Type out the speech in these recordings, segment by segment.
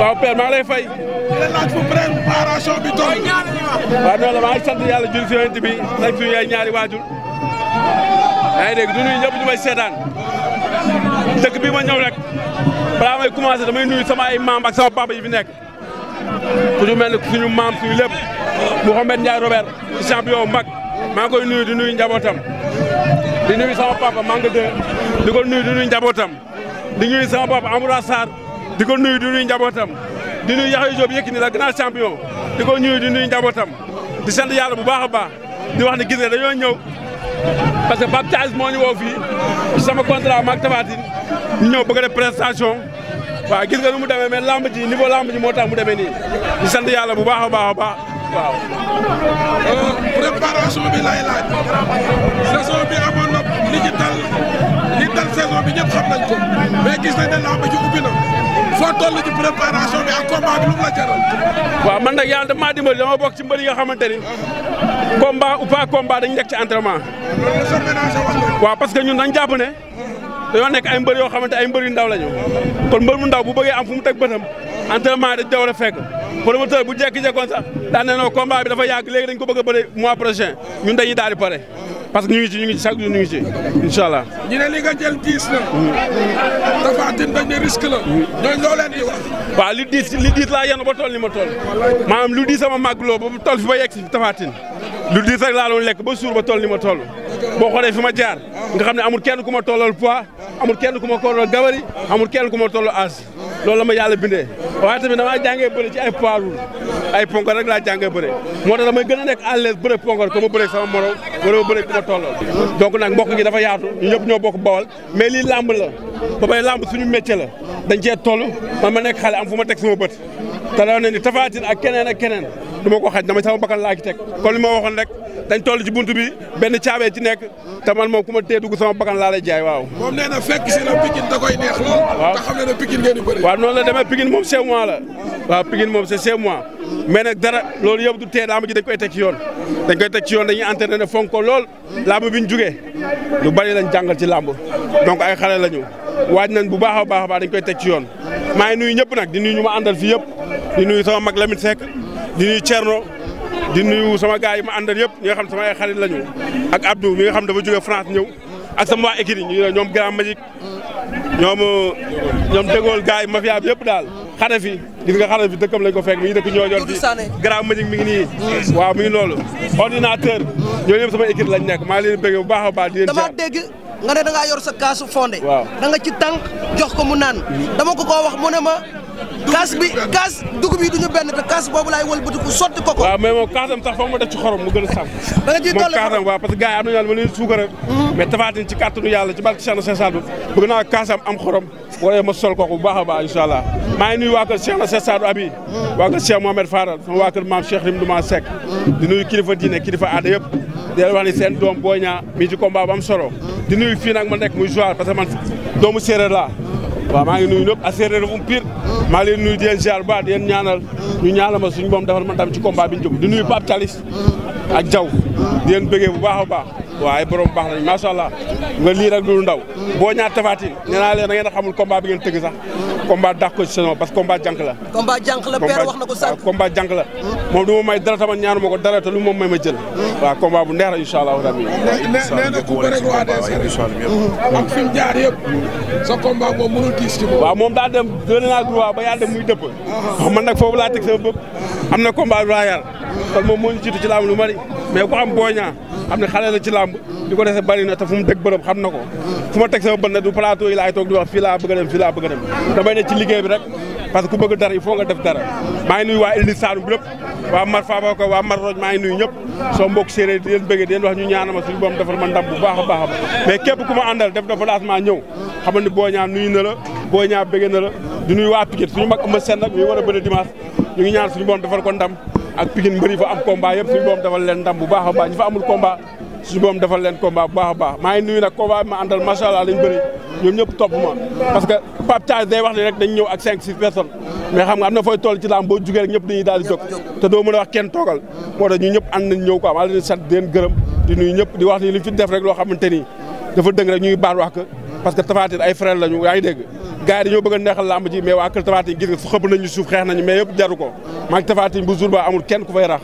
waaw père maa ngi fay. di la laaj fu préparation bi toll. waaw noonu la maa ngi sant yàlla jul si yonent bi ak suñu yaay ñaari waajur. yaa du nuyu ñëpp ñu seetaan dëkk bi ma ñëw rek balaa may commencé damay nuyu sama ay maam ak sama papa yi fi nekk. ku ñu mel ne suñu maam suñu lépp Mouhamed Ndiaye Robert champion mag maa ngi koy nuyu di nuyu njabootam. di nuyu sama papa Manga 2 di ko nuyu di nuyu njabootam di nuyu sama papa Amoura Sarr. di ko nuyu di nuyu njabootam di nuyu Yaxya Joob Yékini la grand champion di ko nuyu di nuyu njabootam di sant yàlla bu baax a baax di wax ne gis nga dañoo ñëw parce que Pape Thialis moo woo fii sama contrat maag Tapha Tine ñu ñëw bëgg a def prestation waaw gis nu mu demee mais lamb ji niveau lamb ji moo tax mu demee ni di sant yàlla bu baax a baax a baax waaw. Euh, préparation bi lay laaj saison bi amoon na li ci dal gis nañ ne ubbi na. foo toll ci préparation bi ak combat bi lu mu la jaral. waaw man nag yàlla daf maa dimbali dama bokk ci mbër yi nga xamante ni. combat ou pas combat dañu nekk ci entraînement. waaw parce que ñun dañ jàpp ne. dañoo nekk ay mbër yoo xamante ay mbër yu ndaw lañu. kon mbër mu ndaw bu bëggee am fu mu teg bëtam. entraînement dañ ko war a fekk. promoteur bu jékki-jékkoon sax daan ne non combat bi dafa yàgg léegi dañ ko bëgg a bëri mois prochain ñun dañuy daal pare. parce que ñu ngi ci ñu ngi ci chaque jour ñu ngi ñu la. Mm. dafa atteindre ñooñu loo leen waaw lu diis li diis laa yenu ba toll ni ma toll maanaam lu diis sama màgg loo ba toll fi ba yegg si Tafatine lu diis rek laa doon lekk ba suur ba toll ni ma toll boo xoolee fi ma jaar nga xam ne amul kenn ku ma tollal poids amul kenn ku ma tollal gabari amul kenn ku ma tollal âge loolu la ma yàlla bindee waaye bi damaa jàngee bëri ci ay poids ay ponkal rek laa jàngee bëri moo tax ma gën a nekk à l'aise bëri ponkal ko ma bëri sama morom wala ma bëri ku mbokk gi dafa yaatu ñëpp ñoo bokk bawal mais lii làmb la ba pare lamb suñu métier la dañ cee toll man ma nekk xale am fu ma teg sama bët te daaw nañ ni tafaatin ak keneen ak keneen du ma ko xaj dama sama bakkan laa ci teg kon li ma waxoon rek dañ toll ci bunt bi benn caabee ci nekk te man moom ku ma tee dugg sama bakkan laa lay jaay waaw. moom nee na fekk si na Pikine da koy neex ngeen la demee Pikine moom c'est moi la waaw Pikine moom c'est moi mais nag dara loolu yëpp du tee lamb ji dañ koy teg ci yoon dañ koy teg ci yoon dañuy entraîné ne fonk ko lool lamb bi ñu jugee lu bari lañ jàngal ci lamb donc ay xale lañu waaj nañ bu baax a baax a baax dañ koy teg ci yoon maa ngi nuyu ñëpp nag di nuyu ñu ma àndal fii yëpp di nuyu sama mag Lamine Seck di nuyu Thierno di nuyu sama gars yi ma àndal yëpp ñi nga xam sama ay xarit lañu ak Abdou mi nga xam dafa jógee France ñëw ak sama waa équipe yi ñoom Grand Magique ñoom ñoom dégool gars yi mafia bi yëpp daal xare fi gis nga xare fi dëkkam lañ ko fekk mi ngi dëkk ñoo yor fi Grand Magique mi nii waaw mi ngi loolu ordinateur ñooñu yëpp sama équipe lañ nekk maa ngi leen bëgg bu baax a di leen nga ne da ngaa yor sa kaasu fondé da nga ci tànk jox ko mu naan dama ko ko wax mu ne ma kaas bi kaas dugub yi du ñu benn te kaas boobu laay wëlbatiku sotti ko ko waaw mais moom kaasam sax foog ma def ci xorom mu gën a sàmm kaasam waaw parce que gars yi ma leen suukara mais tafaatin ci kàttanu yàlla ci barke Cheikh Sall bi bëgg naa kaasam am xorom wala ma sol ko bu baax a baax incha allah maa ngi nuyu waa kër Cheikh la Cheikh Sadou Abi waa kër Cheikh Mohamed Faral sama waa maam Cheikh di nuyu kilifa diine kilifa aada yëpp di leen seen doom Boy Niang mi ci combat bu am solo di nuyu fii nag ma nekk mu Joal parce que man doomu séeréer la waaw maa ngi nuyu ñëpp a séeréer um pire maa leen nuyu di leen ziar ba di leen ñaanal ñu ñaanal ma suñu boom defal ma tam ci combat bi ñu jëm di nuyu Pape Talis ak Diaw di leen bëggee bu baax a baax waaye borom baax nañ macha allah nga lii rek du ndaw boo ñaar tafaatin nee naa a xamul combat bi ngeen tëgg sax combat dàq ko ci saison parce que combat jànk la combat jànk la père wax la moom du ma may dara tamit ñaanu ma dara te moom may ma jël hmm. waaw combat bu neex la incha allah rabbi nee na ku waa hmm. moom daa dem doon naa droit ba yàlla dem muy dëpp man nag foofu laa teg sama am na combat royal hmm. kon moom moo ñu jiitu ci laamu lu mari mais ku am booñaa xam ne xale la ci làmb di ko dese bari na te fu bërëb xam na ko fu ma teg sama bët na du plateau yi laay toog di wax fii laa a dem fii laa bëgg a dem damay ci liggéey bi rek parce ku bëgg dara il faut nga def dara maa ngi nuyu waa Ili Saalum bi lépp waa Mar Faba ko waa Mar Roj maa ngi ñëpp soo mbokk séeréer di leen bëggee di leen wax ñu ñaanal ma suñu borom defal ma ndam bu baax a baax mais képp ku ma àndal def dafa lancement ñëw xamal ni boo ñaa nuyu la boo ñaa bëggee suñu mag ëmb ak Pikine mbëri fa am combat yëpp suñu boom defal leen ndam baax a baax ñu fa amul combat suñu boom defal leen combat bu baax a baax maa ngi nag combat ma àndal macha allah dañ bëri ñoom ñëpp topp ma parce que Pape Thiass day wax ni rek dañ ñëw ak cinq six personnes mais xam nga am na fooy toll ci laam boo jugee rek ñëpp di jóg te doo mën a wax kenn toogal moo tax ñu ñëpp ànd nañ ñëw quoi maa leen sant di leen gërëm di nuyu ñëpp di wax ni li ñu fi def rek loo xamante ni dafa dëng rek parce que Tapha Tine ay frère lañu yaa dégg gars yi bëgg a neexal làmb ji mais waa kër gis nga xëpp nañu suuf xeex nañu mais yëpp jaru ko maa bu jour ba amul kenn ku fay rax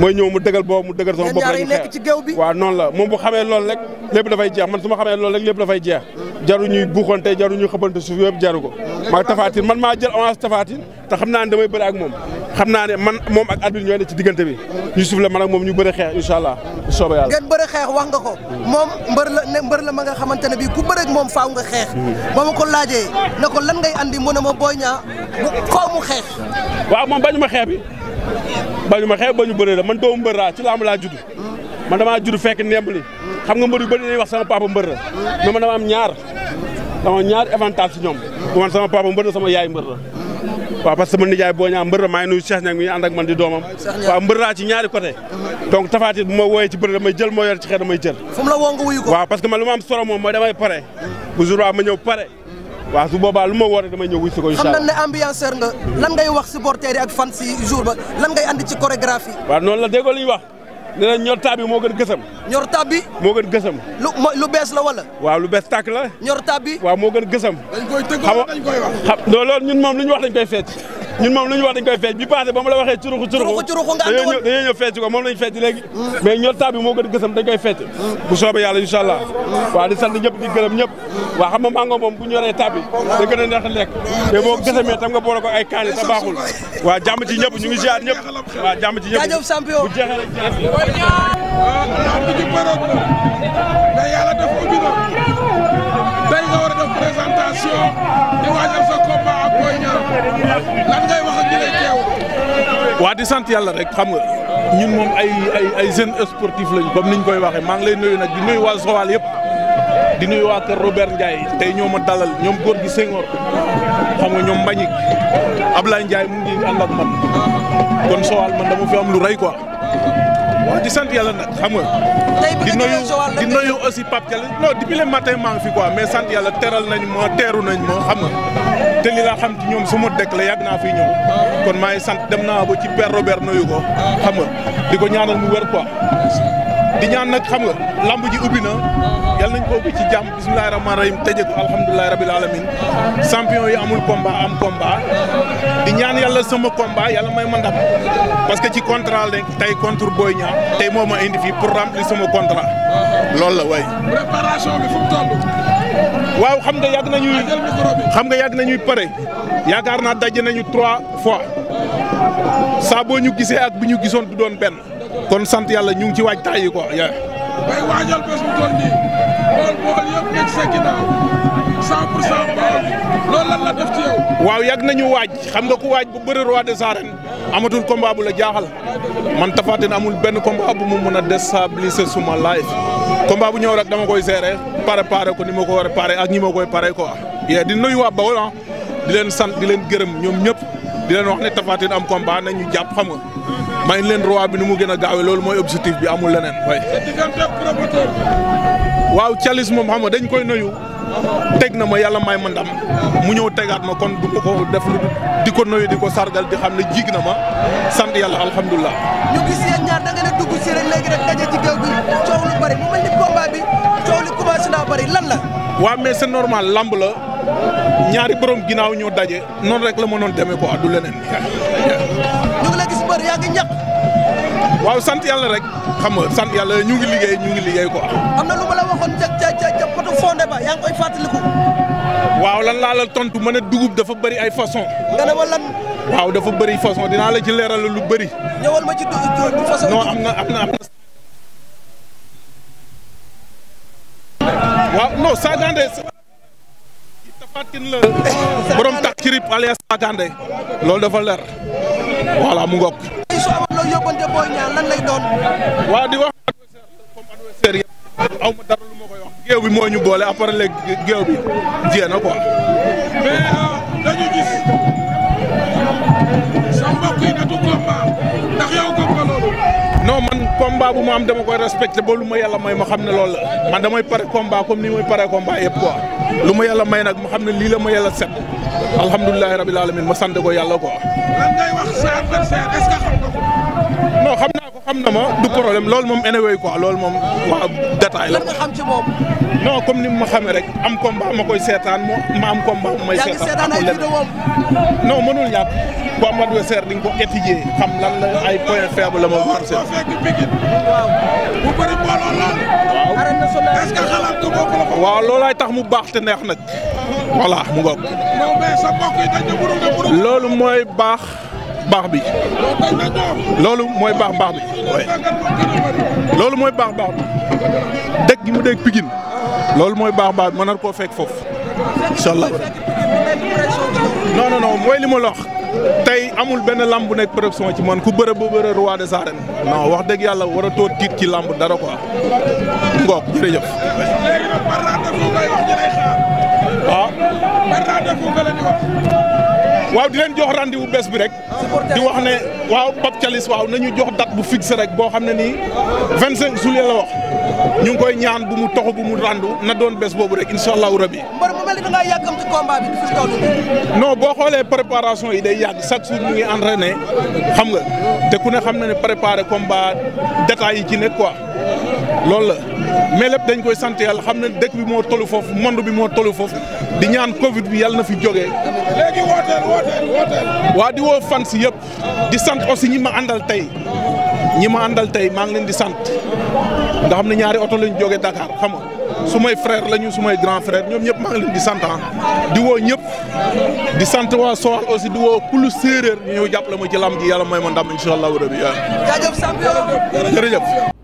mooy ñëw mu dëgal boobu mu dëgal sama bopp rek nekk ci géew bi waaw moom bu xamee loolu rek lépp dafay jeex man su ma xamee loolu rek lépp dafay jeex jaru ñuy buuxante jaru ñuy xëbante suuf yëpp jaru ko maa tafaatin man maa jël avance tafaatin te xam naa ne damay bëri ak moom xam naa ne man moom ak arbitre ñooy ne ci diggante bi ñu suuf la man ak moom ñu bëri xeex incha allah soobee yàlla ngeen bëri xeex wax nga ko moom mbër la ne mbër la ma nga xamante ne bii ku bëri ak moom faaw nga xeex ba ma ko laajee ne ko lan ma booy ñaa faaw mu xeex waaw ma xeex bañu ma xeex bañu bëri man doomu mbër laa ci làmb laa judd man damaa judd fekk nemb xam nga mbër yu bëri dañuy wax sama papa mbër la mais man dama am ñaar dama ñaar avantage si yaay mbër la waaw parce que sama nijaay boo ñaa mbër la maa ngi nuyu Cheikh Niang mi ngi ànd ak man di doomam waaw mbër laa ci ñaari côté donc tafaati bu ma wooyee ci bëri jël moo yor ci xeet damay jël fu mu la lu ma am solo moom mooy damay pare bu jour waa ma ñëw pare waaw su boobaa lu ma woote damay ñëw wuy si ko incha allah xam na ne ambianceur nga lan ngay wax supporters yi ak fan si jour ba lan ngay andi ci chorégraphie. waa noonu la déggoo li ñu wax nee na ñor taab bi moo gën gësam. ñor taab bi. moo gën gësam. lu lu bees la wala. waaw lu bees tàkk la. ñor taab bi. waaw moo gën gësam. dañ koy tëgg dañ koy wax. xam loolu ñun moom lu ñu wax dañ koy fecc ñun moom lu ñu wax dañ koy feej bi passé ba mu la waxee curuxu curuxu dañoo ñëw feej ko moom lañ feej léegi mais ñor tab moo gën a gësam dañ koy feej bu soobee yàlla incha allah waaw di sant ñëpp di gërëm ñëpp waaw xam ma mango moom bu ñoree tab bi da gën a neex lekk te boo gësamee tam nga boole ko ay kaani ta baaxul waaw jàmm ci ñëpp ñu ngi ziar ñëpp waaw jàmm ci ñëpp bu jeexee rek jeex na yàlla def ko tey nga waa di sant yàlla rek xam nga ñun moom ay ay ay jeunes sportifs lañ comme niñ koy waxee maa ngi lay nuyu nag di nuyu waa Joal yëpp. di nuyu waa kër Robert Ndiaye tey ñoo ma dalal ñoom góor gi Senghor xam nga ñoom Mbagnick Ablaye Ndiaye mu ngi ànd ak man kon Joal man dama fi am lu rey quoi. waaw di sant yàlla nag xam nga. di nuyu di nuyu aussi Pape Thiel non depuis le matin maa fi quoi mais sant yàlla teral nañ moo teeru nañ moo xam nga te li laa xam ci ñoom su ma dëkk la yàgg naa fi ñëw. kon maa ngi sant dem naa ba ci Père Robert nuyu ko. xam nga di ko ñaanal mu wér quoi. di ñaan nag xam nga lamb ji ubbi na yal nañ ko ubbi ci jàmm bismillahi rahmaani rahim tëjee ko alhamdulilahi la alamin champion yi amul combat am combat di ñaan yàlla sama combat yàlla may ma ndam parce que ci contrat rek tey contre booy Niang tey moo ma indi fii pour remplir sama kontra loolu la waay. waaw xam nga yàgg nañuy xam nga yàgg nañuy pare yaakaar naa daje nañu trois fois saa boo ñu gisee ak bu ñu gisoon du doon benn. kon sant yàlla ñu ngi ci waaj taay ko quoi. bay waajal bés bu toll nii bool bool yëpp nekk sa ginnaaw 100 pour 100 la def waaw yàgg nañu waaj xam nga ku waaj bu bëri roi des arènes amatul combat bu la jaaxal man Tapha Tine amul benn combat bu mu mën a déstabiliser suma life combat bu ñëw rek dama koy seere préparé ko ni ma ko war a paré ñi ma koy paré quoi. yee di nuyu waa Bawol ah di leen sant di leen gërëm ñoom ñëpp di leen wax ne Tapha Tine am combat nañu jàpp xam nga. may leen roi bi ni mu gën a gaawee loolu mooy objectif bi amul leneen way waaw calis moom xam nga dañ koy nuyu teg na ma yàlla may ma ndam mu ñëw tegaat ma kon du ko def lu di ko nuyu di ko sargal di xam ne jig na ma sant yàlla alhamdulilah. ñu gis yéen ñaar da ngeen dugg si rek léegi rek daje ci géew coow lu bari mu mel ni combat bi coow li commencé naa bari lan la. waaw mais c'est normal lamb la ñaari borom ginnaaw ñoo daje noonu rek la mënoon demee ko addu yaa waaw sant yàlla rek xam nga sant yàlla ñu ngi liggéey ñu ngi liggéey ko am na lu ma la waxoon ca ca ca poto fondé ba yaa ngi koy fàttaliku. waaw lan laa la tontu ma ne dugub dafa bari ay façon nga waaw dafa bëri façon dinaa la ci leeral lu bëri. ñëwal ma ci du façon. non am na am na am na. waaw non saagande tafatin loolu dafa leer voilà mu ngokk doon yóbbante Boy Niang lan lay di wax comme adversaire yëpp aw ma dara lu ma koy wax moo ñu boole après bi jiyee na quoi. mais euh, dañu gis sa mbokk yi datu combat ndax yow gëm nga loolu. non man bu ma am dama koy respecté ba lu ma yàlla may ma xam ne lool la man damay pare combat comme ni muy pare combat yëpp quoi lu ma yàlla may nag ma xam ne lii la ma yàlla set. alhamdulilah rabil alamin ma sant ko yàlla quoi. lan ngay wax ko. non xam naa ko xam na ma du problème loolu moom anyway ko loolu moom waaw détail la. lan nga comme ni mu ma xamee rek am combat ma koy seetaan ma am combat ma may seetaan. yaa ngi non mënul ñàkk bu am adversaire di nga ko étudier xam lan la ay point faible la ma war waaw bu bëri mbooloo laal. ko. waaw loolaay tax mu baax te neex nag. voilà mu ngoog. loolu mooy baax. baax bi loolu mooy baax baax bi loolu mooy baax baax bi dëkk gi mu dégg Pikine loolu mooy baax baax bi mën na koo fekk foofu incha allah mooy li ma lox tey amul benn lamb bu nekk production ci man ku bëre bu bëre roi des arènes non wax dëgg yàlla war a toog tiit ci lamb dara quoi ngoog jërëjëf waaw ah. waaw di leen jox rendez-vous bi rek di wax ne waaw Pape Thialis waaw nañu jox date bu fixe rek boo xam ne nii vingt cinq juillet la wax ñu ngi koy ñaan bu mu toxu bu mu rendu na doon bés boobu rek incha allahu rabi. mbër mu mel boo xoolee préparation yi day yàgg chaque jour ñu ngi entraîné xam nga te ku ne xam na ne préparé combat détails yi ci nekk quoi. loolu la mais lépp dañ koy sant yàlla xam ne dëkk bi moo tollu foofu monde bi moo tollu foofu di ñaan Covid bi yàlla na fi jógee. léegi waa di woo fan si yëpp di sant aussi ñi ma àndal tey ñi ma àndal tey maa ngi leen di sant nga xam ne ñaari oto lañ jógee Dakar xam nga su may frère lañu su may grand frère ñoom ñëpp maa ngi leen di sant ah. di woo ñëpp di sant waa Sowal aussi di woo kulu séeréer ñu ñëw jàppale ma ci lam ji yàlla mooy ma ndam incha allahu rabi. Ah. jaajëf Samb